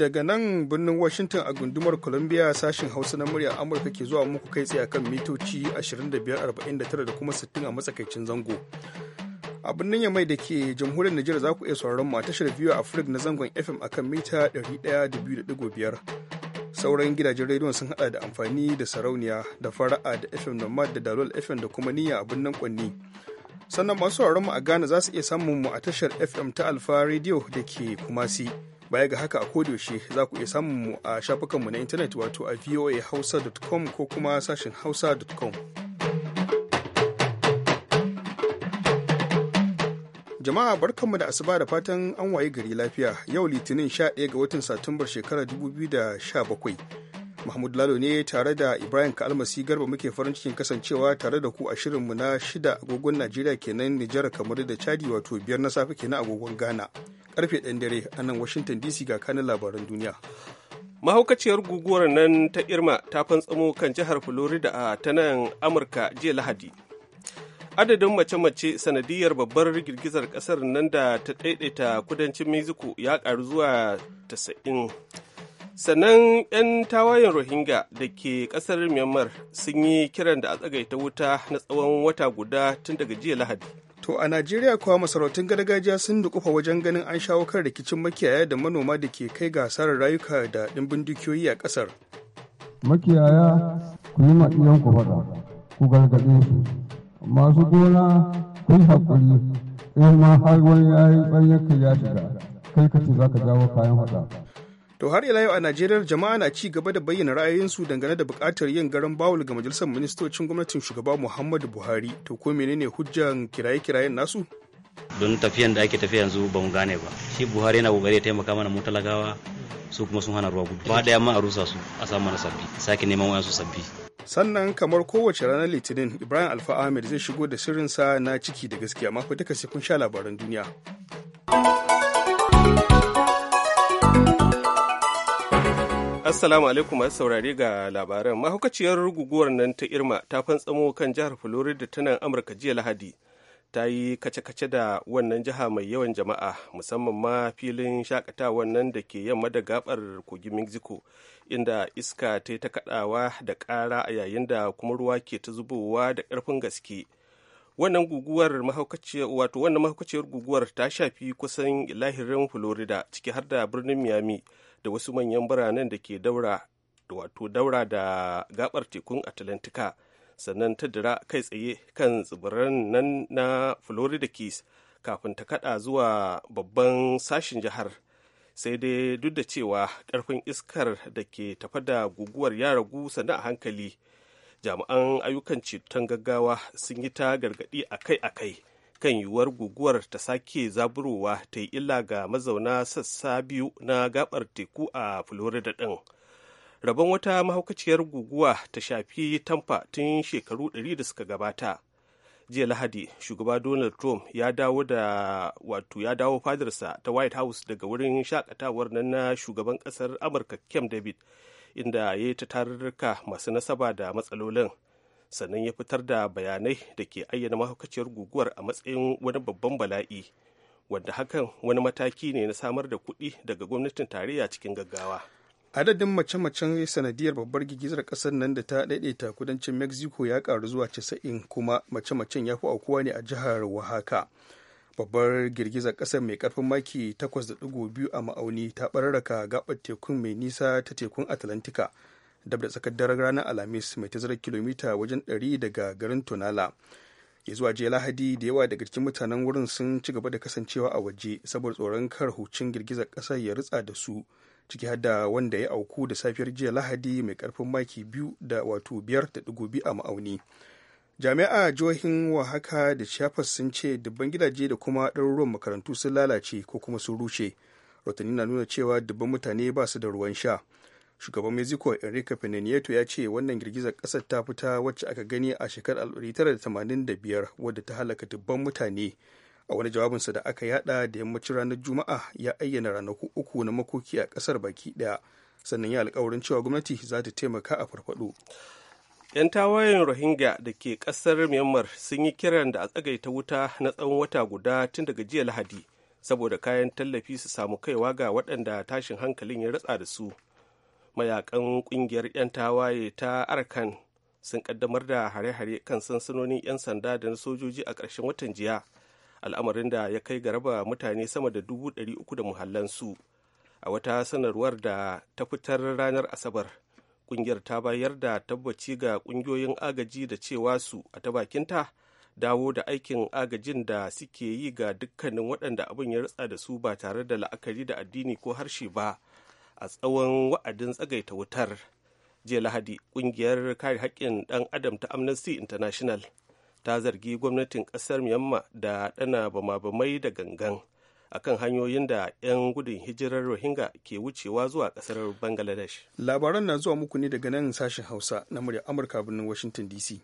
daga nan birnin Washington a gundumar Columbia sashin Hausa na murya Amurka ke zuwa muku kai tsaye akan mitoci 2549 da kuma 60 a matsakaicin zango. A birnin Yamai da ke jamhuriyar Nijar za ku iya sauraron mu a tashar biyu a na zangon FM akan mita 102.5. Sauran gidajen rediyon sun hada da amfani da sarauniya da fara'a da FM Nomad da Dalol FM da kuma niyya a birnin Kwanni. sannan masu sauraron mu a Ghana za su iya samun mu a tashar FM ta Alfa Radio da ke Kumasi. baya ga haka a kodiyoshe za ku iya samun mu a shafukanmu na intanet wato a voahausa.com ko kuma sashen hausa.com jama'a barkanmu da asuba da fatan an waye gari lafiya yau litinin 11 ga watan satumbar shekarar 2017 Mahmud Lalo ne tare da Ibrahim Kalmasi Garba muke farin cikin kasancewa tare da ku a shirinmu na shida agogon Najeriya kenan Nijar kamar da Chadi wato biyar na safe kenan agogon Ghana. Karfe ɗan dare a nan Washington DC ga kanin labaran duniya. Mahaukaciyar guguwar nan ta Irma ta fantsamo kan jihar Florida a ta nan Amurka jiya Lahadi. Adadin mace-mace sanadiyar babbar girgizar kasar nan da ta ɗaiɗaita kudancin Mexico ya karu zuwa 90. sannan 'yan tawayen rohingya da ke kasar myanmar sun yi kiran da a tsagaita wuta na tsawon wata guda tun daga jiya lahadi to a najeriya kuwa masarautun gargajiya sun dukufa wajen ganin an shawo kan rikicin makiyaya da manoma da ke kai gasarar rayuka da ɗimbin dukiyoyi a ƙasar makiyaya ku yi maɗiyan ku faɗa ku gargaɗe su masu gona ku yi haƙuri in ma har wani ya yi ya shiga kai ka ce za ka jawo kayan faɗa to har ila yau a najeriya jama'a na ci gaba da bayyana ra'ayoyinsu dangane da buƙatar yin garan bawul ga majalisar ministocin gwamnatin shugaba muhammadu buhari to ko menene hujjan kiraye-kirayen nasu don tafiyan da ake tafiya yanzu ba mu gane ba shi buhari yana kokari ya taimaka mana mu talakawa su kuma sun hana ruwa gudu ba da yamma a rusa su a samu mana sabbi sake neman wayansu sabbi sannan kamar kowace ranar litinin ibrahim alfa ahmed zai shigo da sirrinsa na ciki da gaskiya mako duka sai kun sha labaran duniya Assalamu alaikum masu saurare ga labaran. Mahaukaciyar guguwar nan ta Irma ta fantsamo kan jihar Florida ta nan Amurka jiya Lahadi. Ta yi kace-kace da wannan jiha mai yawan jama'a musamman ma filin shakatawa wannan da ke yamma da gabar kogin Mexico inda iska ta yi ta kadawa da kara a yayin da kuma ruwa ke ta zubowa da karfin gaske. wannan guguwar mahaukaciyar wato wannan mahaukaciyar guguwar ta shafi kusan lahirin florida ciki har da birnin miami da wasu manyan biranen da ke daura wato daura da gabar tekun atlantika sannan ta dira kai tsaye kan tsibiran nan na florida keys kafin ta kada zuwa babban sashin jihar sai dai duk da cewa karfin iskar da ke tafa da guguwar ya ragu sannan a hankali jami'an ayyukan ceton gaggawa sun yi ta gargaɗi akai-akai kan yiwuwar guguwar ta sake zaburowa ta yi illa ga mazauna sassa biyu na gabar teku a florida ɗin rabon wata mahaukaciyar guguwa ta shafi tampa tun shekaru 100 da suka gabata jiya lahadi shugaba donald trump ya dawo da wato ya dawo fadarsa ta white house daga wurin shakatawar nan na shugaban kasar amurka kem david inda ya yi ta tarurruka masu nasaba da matsalolin sannan ya fitar da bayanai da ke ayyana mahaukaciyar guguwar a matsayin wani babban bala'i wanda hakan wani mataki ne na samar da kuɗi daga gwamnatin tarayya cikin gaggawa adadin mace-macen sanadiyar babbar gigizar ƙasar nan da ta daidaita kudancin mexico ya ƙaru zuwa 90 kuma mace-macen ya fi aukuwa ne a jihar oaxaca babbar girgizar ƙasar mai karfin maki 8.2 a ma'auni ta bararraka gabar tekun mai nisa ta tekun atlantika dab da tsakar daren ranar alhamis mai tazarar kilomita wajen 100 daga garin tonala ya zuwa jiya lahadi da yawa daga cikin mutanen wurin sun ci gaba da kasancewa a waje saboda tsoron kar hucin girgizar ƙasar ya ritsa da su ciki har da wanda ya auku da safiyar jiya lahadi mai karfin maki biyu da wato biyar da ɗigo biyu a ma'auni jami'a jihohin wahaka da chiapas sun ce dubban gidaje da kuma ɗaruruwan makarantu sun lalace ko kuma sun rushe rotanni na nuna cewa dubban mutane ba su da ruwan sha shugaban mexico enrique pena nieto ya ce wannan girgizar ƙasar ta fita wacce aka gani a shekarar 1985 wadda ta halaka dubban mutane a wani jawabinsa da aka yada da yammacin ranar juma'a ya ayyana ranaku uku na makoki a ƙasar baki ɗaya sannan ya alkawarin cewa gwamnati za ta taimaka a farfaɗo 'yan tawayen rohingya da ke kasar myanmar sun yi kiran da a tsagaita wuta na tsawon wata guda tun daga jiya lahadi saboda kayan tallafi su samu kaiwa ga waɗanda tashin hankalin ya ratsa da su mayakan ƙungiyar 'yan tawaye ta arkan sun kaddamar da hare-hare kan sansanonin 'yan sanda da na sojoji a ƙarshen watan jiya al'amarin da ya kai ga raba mutane sama da dubu ɗari uku da muhallansu a wata sanarwar da ta fitar ranar asabar kungiyar ta bayar da tabbaci ga kungiyoyin agaji da cewa su a ta bakinta dawo da aikin agajin da suke yi ga dukkanin waɗanda abin ya rutsa da su ba tare da la'akari da addini ko harshe ba a tsawon wa'adin tsagaita wutar jiya lahadi kungiyar kare haƙƙin ɗan adam ta amnesty international ta zargi gwamnatin ƙasar myanmar da ɗana bama-bamai da gangan akan hanyoyin da 'yan gudun hijirar rohingya ke wucewa zuwa kasar bangladesh labaran na zuwa muku ne daga nan sashen hausa na murya amurka birnin washington dc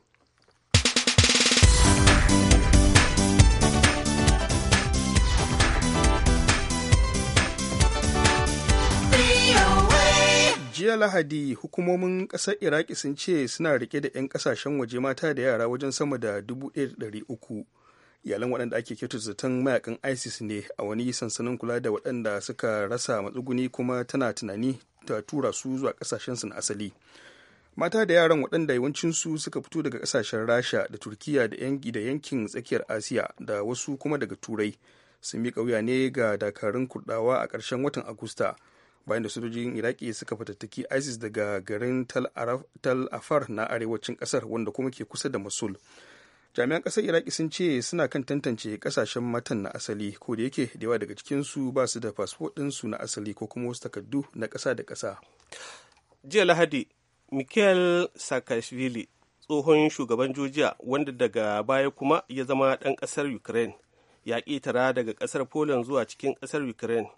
jiya lahadi hukumomin ƙasar iraki sun ce suna rike da 'yan ƙasashen waje mata da yara wajen sama da 1,300 iyalan waɗanda ake kyautar zaton mayakan isis ne a wani sansanin kula da waɗanda suka rasa matsuguni kuma tana tunani ta tura su zuwa ƙasashensu na asali mata da yaran waɗanda yawancinsu suka fito daga ƙasashen rasha da turkiya da yankin tsakiyar asiya da wasu kuma daga turai sun bi ƙauya ne ga dakarun kurdawa a ƙarshen watan agusta bayan da sojojin iraki suka fatattaki isis daga garin tal afar na arewacin ƙasar wanda kuma ke kusa da masul. jami'an ƙasar iraki sun ce suna kan tantance ƙasashen matan na asali ko da yake da yawa daga cikinsu ba su da fasfo ɗinsu na asali ko kuma wasu takardu na ƙasa da ƙasa jiya lahadi mikhail sakashvili tsohon shugaban jojiya wanda daga baya kuma ya zama ɗan ƙasar ukraine ya tara daga ƙasar poland zuwa cikin ƙasar ukraine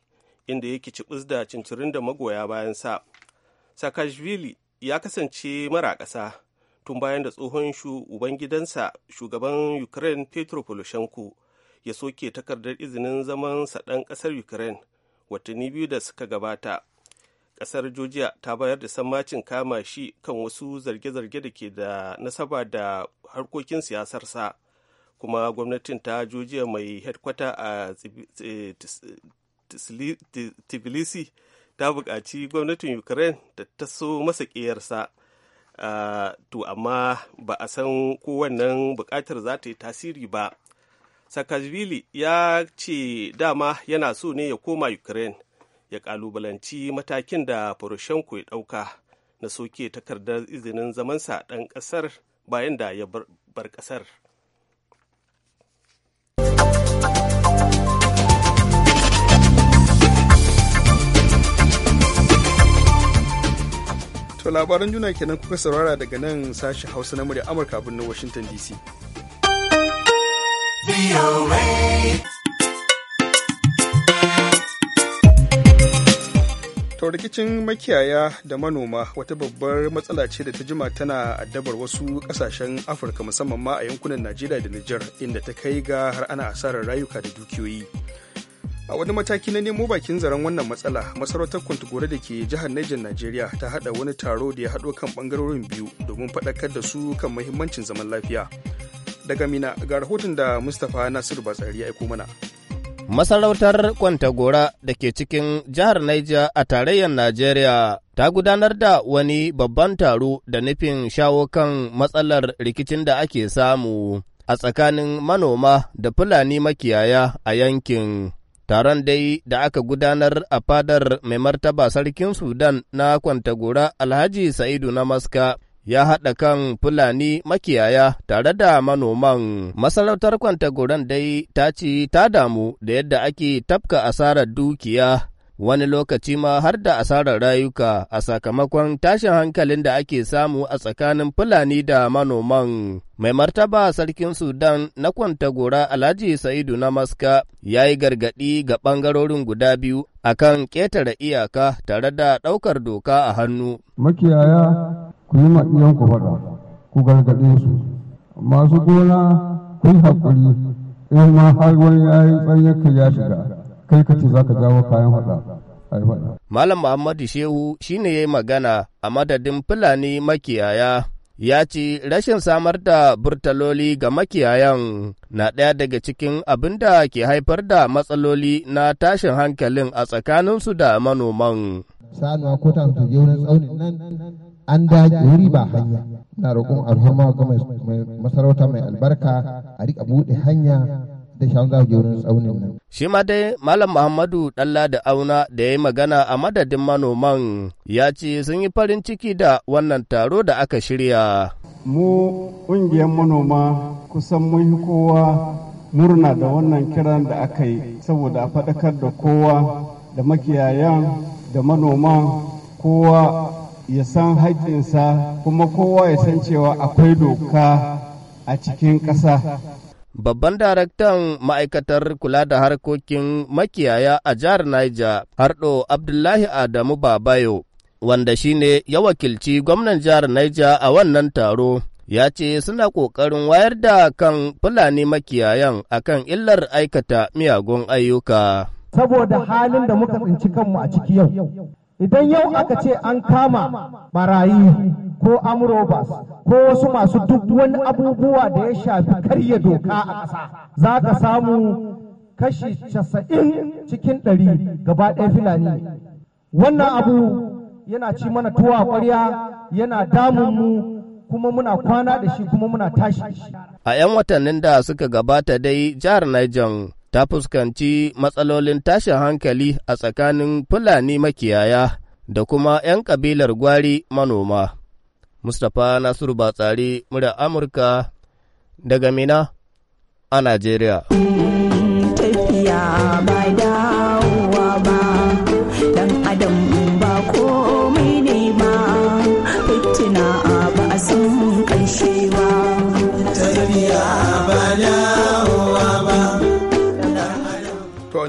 inda yake cibis da cincirin da magoya bayan sa sakashvili ya kasance mara ƙasa tun bayan da tsohon shugaban gidansa shugaban ukraine petro poloshenko ya soke takardar izinin zaman saɗan ƙasar ukraine watanni biyu da suka gabata ƙasar georgia ta bayar da sammacin kama shi kan wasu zarge-zarge da ke da nasaba da harkokin siyasarsa kuma gwamnatin ta georgia mai headkwata a eh, tbilisi ta buƙaci gwamnatin ukraine da ta so masa ƙiyarsa Ah, to amma ba a san ko wannan buƙatar za ta yi tasiri ba sakashvili ya ce dama yana so ne ya koma ukraine ya kalubalanci matakin da poroshenko ya ɗauka na soke takardar izinin zamansa ɗan ƙasar bayan da ya bar ƙasar. To labaran juna kenan kuka saurara daga nan sashi Hausa na murya Amurka birnin Washington DC. To rikicin makiyaya da manoma wata babbar matsala ce da ta jima tana addabar wasu kasashen Afirka musamman ma a yankunan Najeriya da Nijar inda ta kai ga har ana asarar rayuka da dukiyoyi. a wani mataki na nemo bakin zaren wannan matsala masarautar kwantagore da ke jihar Niger Najeriya ta hada wani taro da ya hado kan ɓangarorin biyu domin faɗakar da su kan mahimmancin zaman lafiya daga mina ga rahoton da mustapha nasiru batsari ya aiko mana Masarautar Kwantagora da ke cikin jihar Niger a tarayyar Najeriya ta gudanar da wani babban taro da nufin shawo kan matsalar rikicin da ake samu a tsakanin manoma da Fulani makiyaya a yankin. Taron dai da aka gudanar a fadar mai martaba sarkin Sudan na Kwantagora Alhaji Sa'idu na Maska ya haɗa kan Fulani makiyaya tare da manoman. Masarautar Kwantagoran dai ta ce ta damu da yadda ake tafka asarar dukiya wani lokaci ma har da asarar rayuka a sakamakon tashin hankalin da ake samu a tsakanin Fulani da manoman. Mai martaba sarkin Sudan na Kwanta Gora Alhaji Sa'idu na Maska ya yi gargaɗi ga ɓangarorin guda biyu a kan ƙetare iyaka tare da ɗaukar doka a hannu. Makiyaya ku yi maɗiyan ku faɗa, ku gargaɗe su, masu gona kun haƙuri, in ma har wani ya yi ya shiga. kai ka ce za ka jawo kayan hada. Malam Muhammadu Shehu shi ne ya yi magana a madadin Fulani makiyaya ya ce rashin samar da burtaloli ga makiyayan na ɗaya daga cikin abin da ke haifar da matsaloli na tashin hankalin a tsakaninsu da manoman. Sanuwa ko ta je wurin tsaunin nan an daji wuri ba hanya. Na roƙon alhama ga masarauta mai albarka a riƙa buɗe hanya da shanga tsaunin nan. Shi ma dai Malam Muhammadu Dalla da Auna da ya yi magana a madadin manoman ya ce sun yi farin ciki da wannan taro da aka shirya. Mu ƙungiyar manoma kusan mun yi kowa murna da wannan kiran da aka yi saboda a faɗakar da kowa da makiyayan da manoma kowa ya san haƙƙinsa kuma kowa ya san cewa akwai doka a cikin ƙasa Babban daraktan ma'aikatar kula da harkokin makiyaya a jihar Niger, Hardo Abdullahi Adamu Babayo, wanda shine ya wakilci gwamnan jihar Niger a wannan taro. ya ce suna ƙoƙarin wayar da kan Fulani makiyayan akan illar aikata miyagun ayyuka. Saboda halin da muka tsinci kanmu a ciki yau, idan yau aka ce an kama marayu ko amurobas ko wasu masu duk wani abubuwa da ya shafi karya doka a ƙasa za ka samu kashi casa'in cikin ɗari gaba ɗaya filani wannan abu yana ci mana tuwa ƙwarya yana damun mu kuma muna kwana da shi kuma muna tashi. A 'yan watannin da suka gabata dai jihar Niger ta fuskanci matsalolin tashin hankali a tsakanin Fulani makiyaya da kuma 'yan kabilar gwari manoma. Mustapha Nasiru Batsari, murar Amurka daga Mina a Najeriya. Tafiya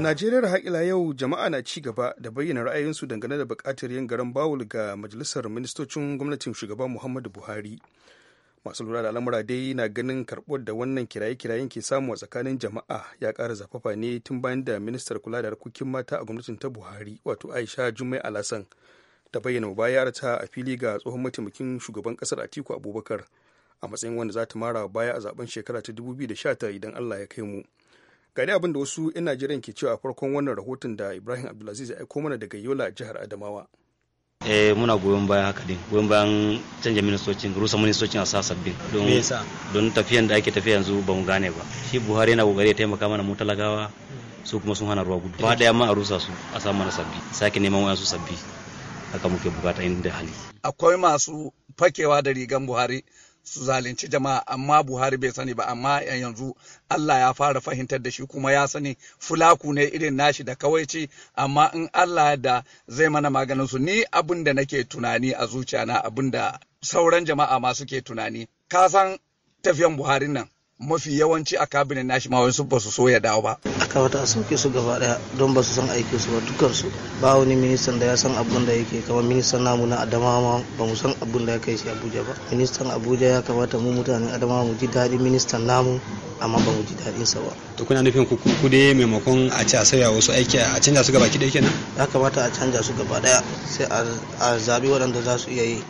najeriyar har haƙila yau jama'a na ci gaba da bayyana ra'ayinsu dangane da buƙatar yin garan bawul ga majalisar ministocin gwamnatin shugaba muhammadu buhari masu lura da al'amura dai na ganin karɓar da wannan kiraye-kirayen ke samu a tsakanin jama'a ya ƙara zafafa ne tun bayan da ministar kula da harkokin mata a gwamnatin ta buhari wato aisha jummai alasan ta bayyana bayar ta a fili ga tsohon mataimakin shugaban ƙasar atiku abubakar a matsayin wanda za ta mara baya a zaben shekara ta 2019 idan allah ya kai mu ga abin da wasu 'yan najeriya ke cewa a farkon wannan rahoton da ibrahim abdulaziz ya aiko mana daga yola jihar adamawa eh muna goyon bayan haka din goyon bayan canja ministocin rusa ministocin a sa sabbin don don tafiyan da ake tafiya yanzu ba mu gane ba shi buhari yana kokari ya taimaka mana mu talagawa su kuma sun hana ruwa gudu ba da ma a rusa su a sa mana sabbi sake neman wayansu sabbi haka muke bukata inda hali akwai masu fakewa da rigan buhari su zalunci jama'a amma Buhari bai sani ba amma yanzu Allah ya fara fahimtar da shi kuma ya sani fulaku ne irin nashi da kawai ce. amma in Allah da zai mana maganin su ni abin da nake tunani a zuciya na abin da sauran jama'a ma suke tunani ka san tafiyan Buhari nan mafi yawanci a kabinet nashi ma wasu ba su so ya dawo ba aka wata a sauke su gaba daya don ba su san aiki su ba dukkan su ba wani ministan da ya san abun da yake kamar ministan namu na adamawa ba mu san abun da ya kai shi abuja ba ministan abuja ya kamata mu mutanen adamawa mu ji daɗin ministan namu amma ba mu ji daɗin sa ba to kuna nufin ku ku dai maimakon a ce a sauya wasu aiki a canja su gaba ki kenan ya kamata a canja su gaba daya sai a zabi waɗanda za su iya yi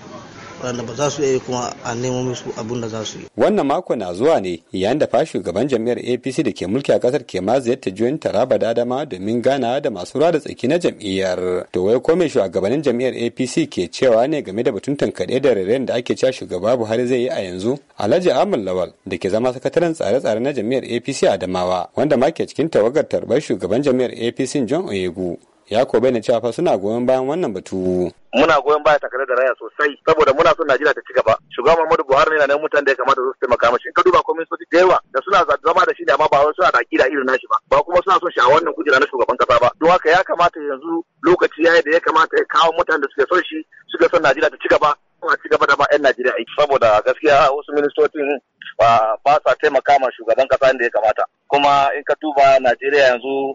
waɗanda ba za su iya kuma a nemo musu abin da za su yi. Wannan mako na zuwa ne yayin da fa shugaban jami'ar APC da ke mulki a ƙasar ke ma ziyarta juyin Taraba da Adama domin gana da masu ruwa da tsaki na jam'iyyar. To wai ko me shugabannin jami'ar APC ke cewa ne game da batun tankaɗe da rairayin da ake cewa shugaba Buhari zai yi a yanzu? Alhaji Ahmad Lawal da ke zama sakataren tsare-tsare na jami'ar APC Adamawa wanda ma ke cikin tawagar tarbar shugaban jami'ar APC John Oyegu ya ko bayyana cewa fa suna goyon bayan wannan batu muna goyon baya takarar da raya sosai saboda muna son Najeriya ta ci gaba shugaban Muhammadu Buhari ne nan mutanen da ya kamata su taimaka mashi in ka duba komai sun da yawa da suna zama da shi ne amma ba wai suna da akida irin nashi ba ba kuma suna son shi a wannan kujera na shugaban kasa ba don haka ya kamata yanzu lokaci yayi da ya kamata ya kawo mutanen da suke son shi suke son Najeriya ta ci gaba Kuma ci gaba da ba 'yan Najeriya aiki saboda gaskiya wasu ministocin ba sa taimaka ma shugaban kasa inda ya kamata kuma in ka duba Najeriya yanzu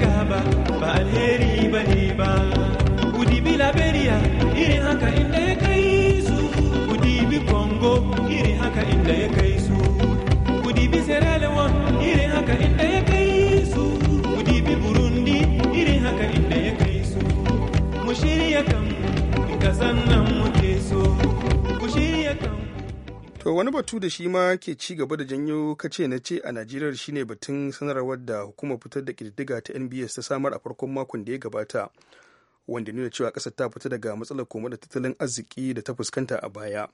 gaba ba alheri wani batu da shi ma ke ci gaba da janyo kace na ce a najeriya shine batun sanarwar da hukumar fitar da kididdiga ta nbs ta samar a farkon makon da ya gabata wanda nuna cewa kasar ta fita daga matsalar koma da tattalin arziki da ta fuskanta a baya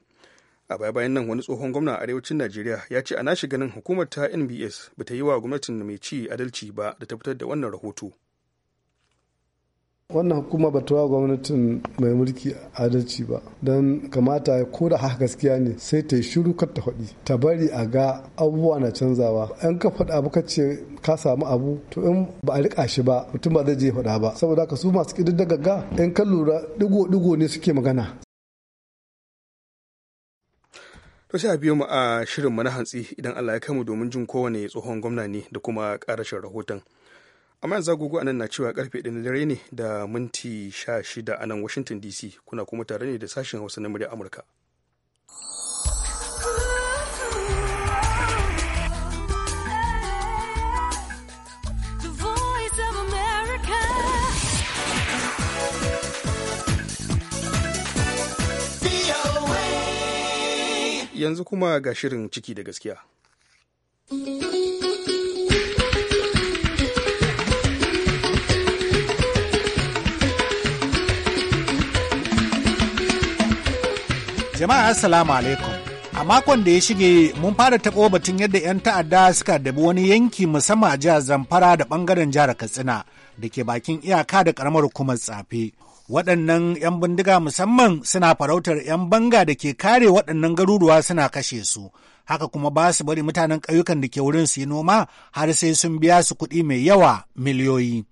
a baya bayan nan wani tsohon gwamna a arewacin najeriya ya ce ana shi ganin hukumar ta nbs ba ta yi wa gwamnatin mai ci adalci ba da ta fitar da wannan rahoto wannan hukuma ba ta gwamnatin mai mulki adalci ba don kamata ko da haka gaskiya ne sai ta yi shiru kar ta faɗi ta bari a ga abubuwa na canzawa in ka faɗa abu ka ce ka samu abu to in ba a riƙa shi ba mutum ba zai je faɗa ba saboda haka su masu da ga in ka lura digo-digo ne suke magana To sai a biyo mu a shirin na hantsi idan Allah ya kai mu domin jin kowane tsohon gwamna ne da kuma ƙarashin rahoton. amma yanzu agogo anan na cewa karfe ɗin dare ne da minti 16 a nan washington dc kuna kuma tare ne da sashen hausa na murya amurka yanzu kuma ga shirin ciki da gaskiya. Jama'a Assalamu alaikum. A makon da ya shige mun fara taɓo batun yadda 'yan ta'adda suka dabi wani yanki musamman a jihar Zamfara da ɓangaren jihar Katsina da ke bakin iyaka da karamar hukumar tsafe. Waɗannan 'yan bindiga musamman suna farautar 'yan banga da ke kare waɗannan garuruwa suna kashe su. Haka kuma ba su bari mutanen ƙauyukan da ke wurin su yi noma har sai sun biya su kuɗi mai yawa miliyoyi.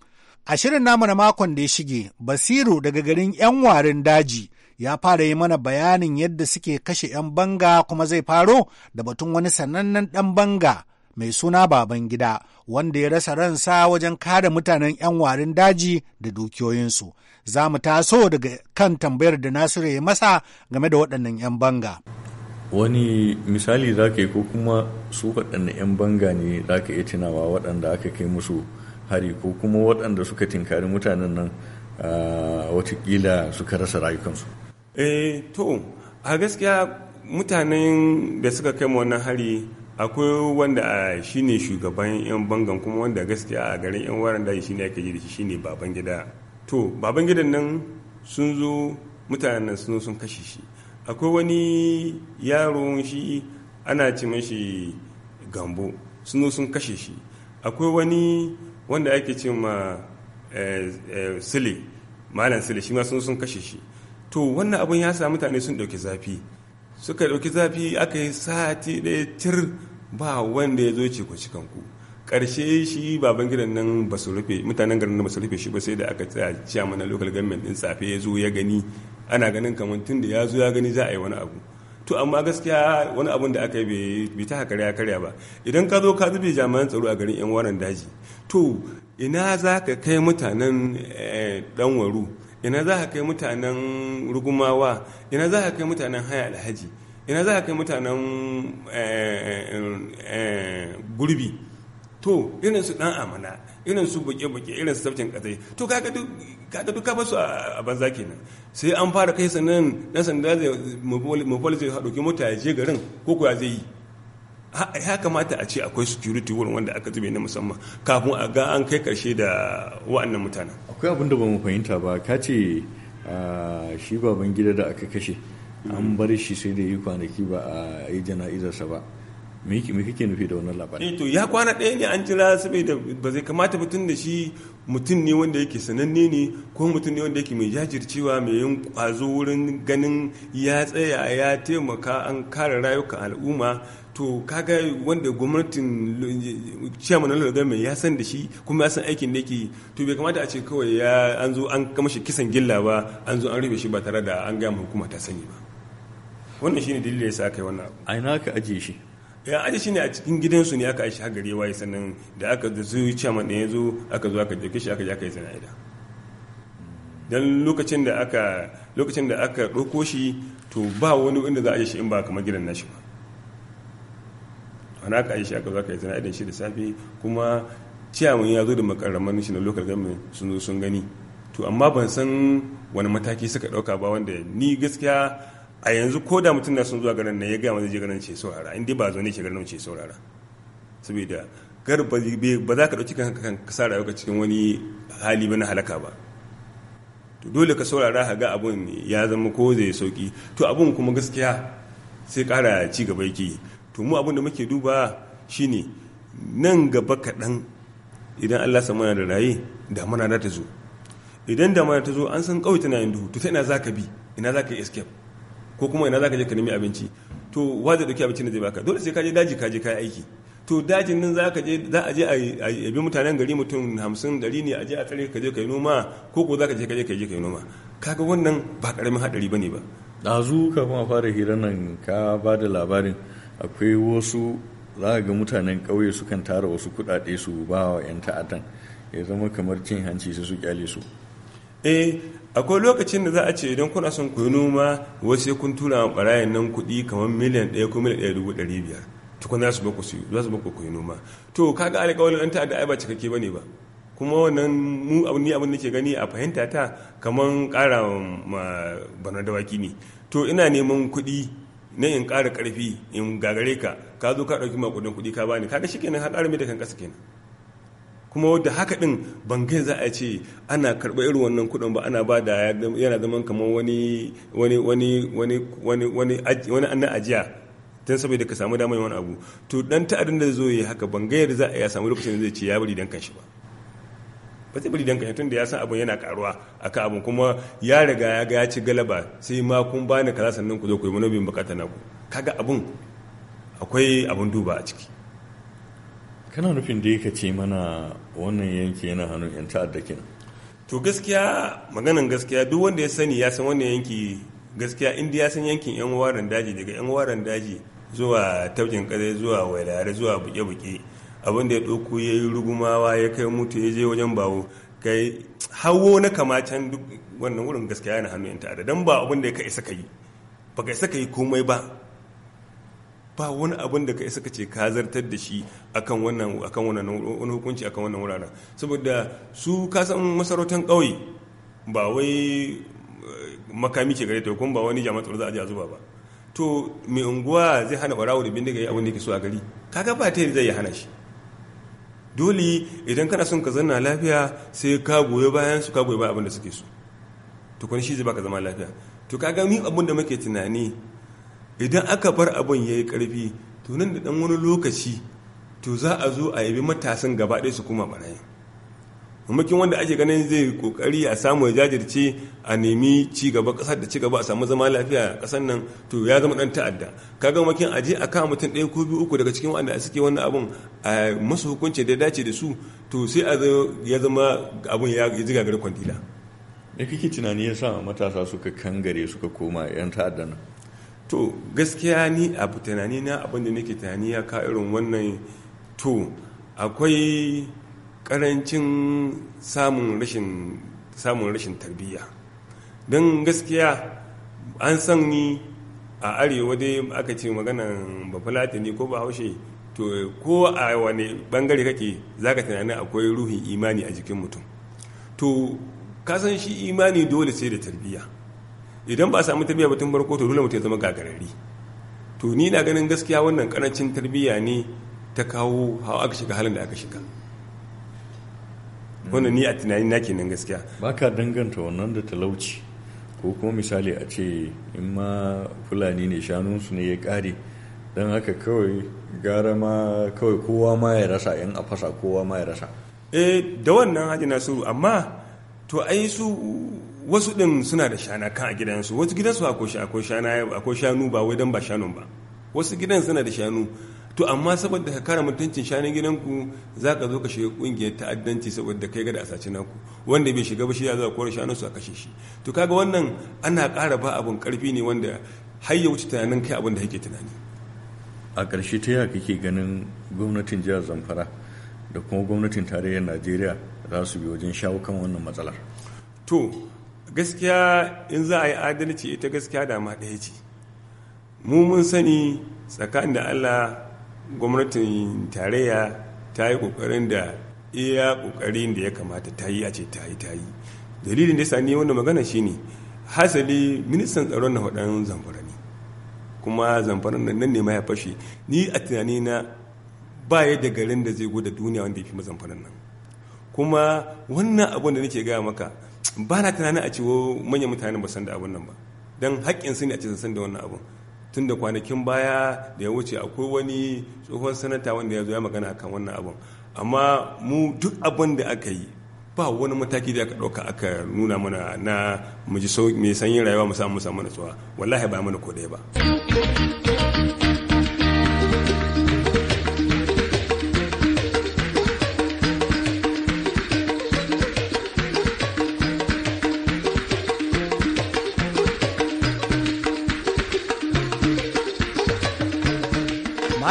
A shirin namu na makon da ya shige, Basiru daga garin 'yan warin daji ya fara yi mana bayanin yadda suke kashe 'yan banga kuma zai faro da batun wani sanannen ɗan banga mai suna baban gida wanda ya rasa ransa wajen kare mutanen 'yan warin daji da dukiyoyinsu za mu taso daga kan tambayar da nasiru ya masa game da waɗannan 'yan banga wani misali za ka yi ko kuma su waɗanne 'yan banga ne za ka iya tunawa waɗanda aka kai musu hari ko kuma waɗanda suka tinkari mutanen nan ah, watakila suka rasa rayukansu eh to a gaskiya mutanen da suka kai wannan hari akwai wanda ah, shine shugaban yan bangan kuma wanda gaskiya a garin yan waran daji shine yake ji da shi shine baban gida to baban gidan nan sun zo mutanen nan sun sun kashe shi akwai wani yaro shi ana ce mashi gambo sun sun kashe shi akwai wani wanda ake ce ma eh, eh, sile malam sile shi ma sun sun kashe shi to wannan abun ya sa mutane sun ɗauki zafi suka ɗauki zafi aka yi sati ɗaya tir ba wanda ya zo ce ku cikan ku ƙarshe shi baban gidan nan ba su rufe mutanen garin nan ba su rufe shi ba sai da aka tsaya cewa mana local government ɗin safe ya zo ya gani ana ganin kamar tun da ya zo ya gani za a yi wani abu to amma gaskiya wani abun da aka yi bai ta ya karya ba idan ka zo ka zube jami'an tsaro a garin yan waran daji to ina za ka kai mutanen eh, ɗanwaru ina za ka kai mutanen rugumawa ina za ka kai mutanen haya alhaji ina za ka kai mutanen eh, eh, eh, gurbi to irin su dan amana irin su buke-buke irin su tsaftin kasai to kaga duka basu a banza kenan sai an fara kai sannan dan sanda zai mafoli zai haɗoki mota ya je garin ko kuwa zai yi ya kamata a ce akwai security wurin wanda aka zube na musamman kafin a ga an kai karshe da wa'annan mutanen akwai abin da ba mu fahimta ba ka ce shi baban gida da aka kashe an bar shi sai da yi kwanaki ba a yi jana'izarsa ba me kake nufi da wannan labarin eh to ya kwana ɗaya ne an jira saboda ba zai kamata mutum da shi mutum ne wanda yake sananne ne ko mutum ne wanda yake mai jajircewa mai yin kwazo wurin ganin ya tsaya ya taimaka an kare rayuka al'umma to kaga wanda gwamnatin chairman na game ya san da shi kuma ya san aikin da yake to bai kamata a ce kawai ya an zo an kama shi kisan gilla ba an zo an rufe shi ba tare da an gaya hukuma ta sani ba wannan shine dalilin yasa aka yi wannan abu a ina aka ajiye shi ya aje shi ne a cikin gidansu ne aka aishi hagari waye sannan da aka da su chairman ne ya zo aka zo aka dauke shi aka je aka yi zinaida dan lokacin da aka lokacin da aka ɗauko shi to ba wani inda za a aje shi in ba kamar gidan nashi ba ana ka aisha aka zaka yi zana idan shi da safe kuma ciyaman ya zo da makarraman shi na lokacin government sun zo sun gani to amma ban san wani mataki suka dauka ba wanda ni gaskiya a yanzu ko da mutum na sun zuwa garin nan ya gaya mana je garin ce saurara in dai ba zo ne ce garin ce saurara saboda gar ba za ka dauki kanka ka sa rayuwa cikin wani hali ba na halaka ba to dole ka saurara ka ga abun ya zama ko zai sauki to abun kuma gaskiya sai kara ci gaba yake to mu abin da muke duba shine nan gaba kaɗan idan allah samu yana da raye damana da ta zo idan damana ta zo an san kawai tana yin duhu to ta ina za ka bi ina za ka yi escape ko kuma ina za ka je ka nemi abinci to wa zai ɗauki abincin da zai baka dole sai ka je daji ka je ka aiki to dajin nan za ka je za a je a yabi mutanen gari mutum hamsin dari ne a je a tsare ka je ka yi noma ko ko za ka je ka je ka je ka yi noma kaga wannan ba ƙaramin haɗari bane ba ɗazu kafin a fara hirar nan ka ba da labarin akwai wasu za ga mutanen ƙauye sukan tara wasu kuɗaɗe su ba wa 'yan ta'addan ya zama kamar cin hanci su su kyale su eh akwai lokacin da za a ce idan kuna son ku noma wasu sai kun tura wa ɓarayin nan kuɗi kamar miliyan ɗaya ko miliyan ɗaya dubu ɗari biyar tukun za su baku su za su baku ku noma to kaga alƙawarin yan ta'adda ai ba cikakke bane ba kuma wannan mu abin ni abin da ke gani a fahimta ta kamar ƙara ma bana dawaki ne to ina neman kuɗi ne in ƙara ƙarfi in gagare ka ka zo ka ɗauki maƙudin kuɗi ka bani kaga shikenan har ƙara da kan ƙasa kenan kuma wadda haka ɗin bangai za a ce ana karɓar irin wannan kuɗin ba ana ba da yana zama kamar wani wani wani wani wani wani ajiya tun saboda ka samu damar wani abu to dan ta'adin da zo yi haka bangai da za a yi a samu lokacin da zai ce ya bari dan kan shi ba ba zai bari danka tun da ya san abin yana karuwa ka abin kuma ya riga ya ga ya ci galaba sai ma kun ba ni kaza sannan ku zo ku yi manobin bukata naku kaga abin akwai abin duba a ciki kana nufin da ka ce mana wannan yanki yana hannun yan ta'adda kenan to gaskiya maganan gaskiya duk wanda ya sani ya san wannan yanki gaskiya inda ya san yankin yan waran daji daga yan waran daji zuwa taukin kare zuwa wailare zuwa buke-buke abin da ya ɗauko ya yi rugumawa ya kai mutu ya je wajen bawo kai hawo na kamacin duk wannan wurin gaskiya yana hannu yanta da dan ba abin da ka isa ka yi ba ka isa ka yi komai ba ba wani abin da ka isa ka ce ka zartar da shi akan wannan akan wannan wani hukunci akan wannan wuraren saboda su ka san masarautan ƙauye ba wai eh, makami ke gare ta kuma ba wani jama'a tsaro za a je a zuba ba to mai unguwa zai hana ɓarawo da bindiga ya abin da ke so a gari kaga ba ta yi zai hana shi dole idan kana son ka zanna lafiya sai ka goyi bayan su ka goyi bayan abin suke su to kun shi zai baka zama lafiya to kaga mu abin da muke tunani idan aka bar abin yayi karfi to nan da dan wani lokaci to za a zo a yabi matasan gaba ɗaya su kuma barayin mamakin wanda ake ganin zai kokari a samu ya jajirce a nemi ci gaba kasar da ci gaba a samu zama lafiya a kasar nan to ya zama dan ta'adda kaga mamakin aje a kawo mutum ɗaya ko biyu uku daga cikin wanda suke wannan abun a masu hukunci da dace da su to sai a ya zama abun ya ji gagar kwandila me kake tunani yasa matasa suka kangare suka koma yan ta'adda nan to gaskiya ni abu tunani na abin da nake tunani ya ka irin wannan to akwai karancin samun rashin tarbiyya don gaskiya an san ni a arewa dai aka ce maganan ne ko bahaushe to ko a wani bangare kake zaka tunanin akwai ruhin imani a jikin mutum to kasan shi imani dole sai da tarbiyya idan ba a samu tarbiyya batun barko to dole mutum ya zama gagarari to ni na ganin gaskiya wannan karancin tarbiyya ne ta kawo hawa aka shiga halin da aka shiga wannan ni a tunani na kenan gaskiya ba ka danganta wannan da talauci ko kuma misali a ce in ma fulani ne shanunsu ne ya kare don haka kawai gara ma kawai kowa ma ya rasa yan a fasa kowa ma ya rasa eh da wannan haji nasiru amma to ai su wasu din suna da shana kan a gidansu wasu gidansu akwai shanu ba wai dan ba shanun ba wasu gidan suna da shanu to amma saboda ka kare mutuncin shanin gidanku za ka zo ka shiga kungiyar ta'addanci saboda kai ga da asaci naku wanda bai shiga ba shi ya za kore shanun su a kashe shi to kaga wannan ana ƙara ba abun karfi ne wanda har ya wuce tunanin kai abin da yake tunani a ƙarshe ta yaya kake ganin gwamnatin jihar zamfara da kuma gwamnatin tarayyar najeriya za su bi wajen shawo kan wannan matsalar to gaskiya in za a yi adalci ita gaskiya dama ɗaya ce mu mun sani tsakanin da allah gwamnatin tarayya ta yi ƙoƙarin da iya ƙoƙarin da ya kamata ta yi a ce ta yi ta yi dalilin da ya sani wanda magana shi shine hasali ministan tsaron na waɗannan zamfara ne kuma zamfara nan ne ma ya fashe ni a tunani na ba ya da garin da zai goda duniya wanda ya fi mazamfara nan kuma wannan abun da nake gaya maka ba na tunanin a ciwo manyan mutane ba san da abun nan ba don haƙƙin su ne a ce san da wannan abun tun da kwanakin baya da ya wuce akwai wani tsohon sanata wanda ya zo ya magana akan wannan abun amma mu duk abin da aka yi ba wani mataki da aka ɗauka aka nuna mana na mu ji mai sanyin rayuwa mu samu mu samu natsuwa wallahi ba mana ko ɗaya ba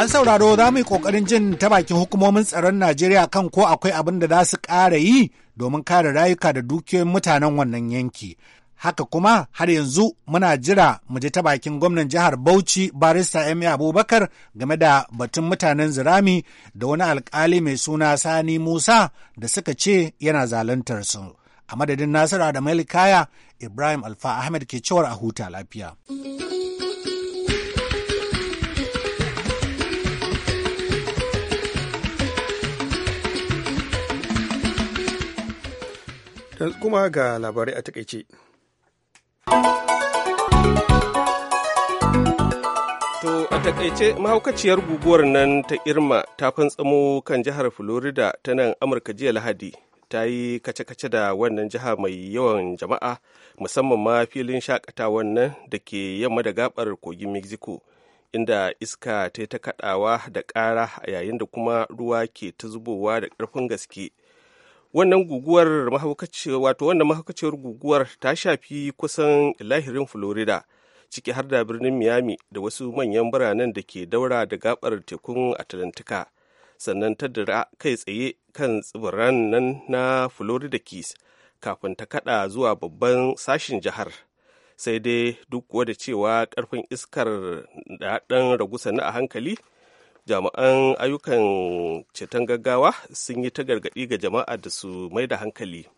an sauraro za mu yi ƙoƙarin jin ta bakin hukumomin tsaron Najeriya kan ko akwai abin da za su ƙara yi domin kare rayuka da dukiyoyin mutanen wannan yanki. Haka kuma har yanzu muna jira mu je ta bakin gwamnan jihar Bauchi barista Emi Abubakar game da batun mutanen Zirami da wani alkali mai suna Sani Musa da suka ce yana zalantar su. A madadin Nasiru da kaya Ibrahim Alfa Ahmed ke cewar a huta lafiya. yanzu kuma ga labarai a takaice To a takaice mahaukaciyar guguwar nan ta Irma ta fantsamo kan jihar Florida ta nan Amurka jiya Lahadi ta yi kace-kace da wannan jiha mai yawan jama'a musamman ma filin shakatawan nan da ke yamma da gabar kogin Mexico inda iska ta yi ta kadawa da ƙara yayin da kuma ruwa ke ta zubowa da ƙarfin gaske wannan guguwar wato wannan mahaukaciyar guguwar ta shafi kusan lahirin florida ciki har da birnin miami da wasu manyan biranen da ke daura da gabar tekun atlantika sannan ta dira kai tsaye kan tsibiran nan na florida keys kafin ta kada zuwa babban sashin jihar sai dai duk da cewa karfin iskar da ɗan ragu a hankali jami'an ayyukan ceton gaggawa sun yi ta gargaɗi ga jama'a da su mai da hankali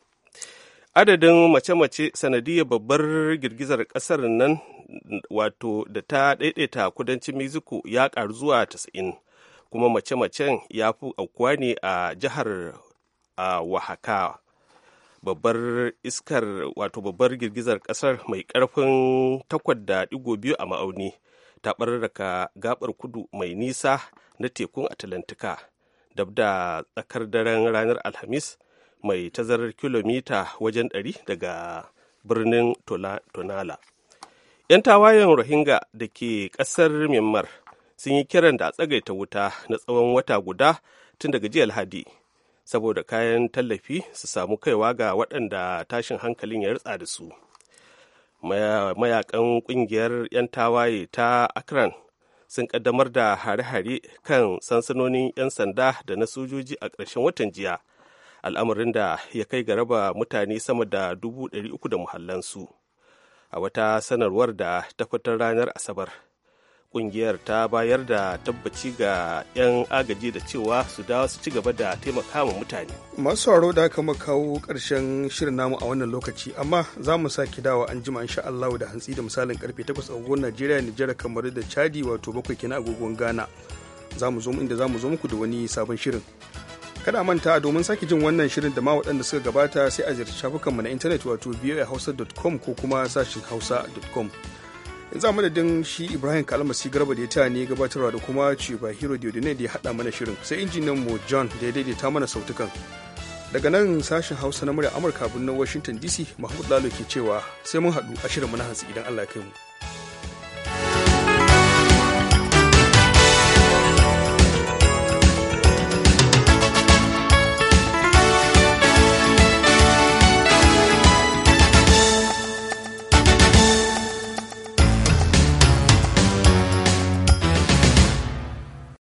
adadin mace-mace sanadiyar babbar girgizar ƙasar nan wato da ta daidaita kudancin mexico ya ƙaru zuwa 90 kuma mace-macen ya fi aukuwa ne a jihar oaxaca babbar iskar wato babbar girgizar ƙasar mai ƙarfin 8.2 a ma'auni ta ɓararraka gabar kudu mai nisa na tekun atlantika dab da tsakar daren ranar alhamis mai tazarar kilomita wajen ɗari daga birnin tonala yan tawayen rohingya da ke ƙasar myanmar sun yi kiran da a tsagaita wuta na tsawon wata guda tun daga jiya alhadi saboda kayan tallafi su samu kaiwa ga waɗanda tashin hankalin ya ritsa da su mayakan kungiyar 'yan tawaye ta akran sun kaddamar da hare-hare kan sansanonin 'yan sanda da na sojoji a ƙarshen watan jiya al'amarin da ya kai ga raba mutane sama da dubu 300,000 da muhallansu a wata sanarwar da ta fitar ranar asabar kungiyar ta bayar da tabbaci ga 'yan agaji da cewa su dawo su ci gaba da taimaka ma mutane. Masu sauraro da aka kawo ƙarshen shirin namu a wannan lokaci amma za mu sake dawa an jima insha Allah da hantsi da misalin karfe 8 agogon Najeriya Nijar kamar da Chadi wato bakwai kina agogon Ghana. Za mu zo inda za mu zo muku da wani sabon shirin. Kada manta domin sake jin wannan shirin da ma waɗanda suka gabata sai a ziyarci shafukanmu na intanet wato voahausa.com ko kuma sashin hausa.com. yanzu a madadin shi ibrahim si garba da ya ta ne gabatarwa da kuma ba hero ne da ya hada mana shirin sai injinan mu john da ya daidaita mana sautukan daga nan sashen hausa na murya amurka birnin washington dc mahmud lalo ke cewa sai mun haɗu a shirin na hantsi idan allah ya kai mu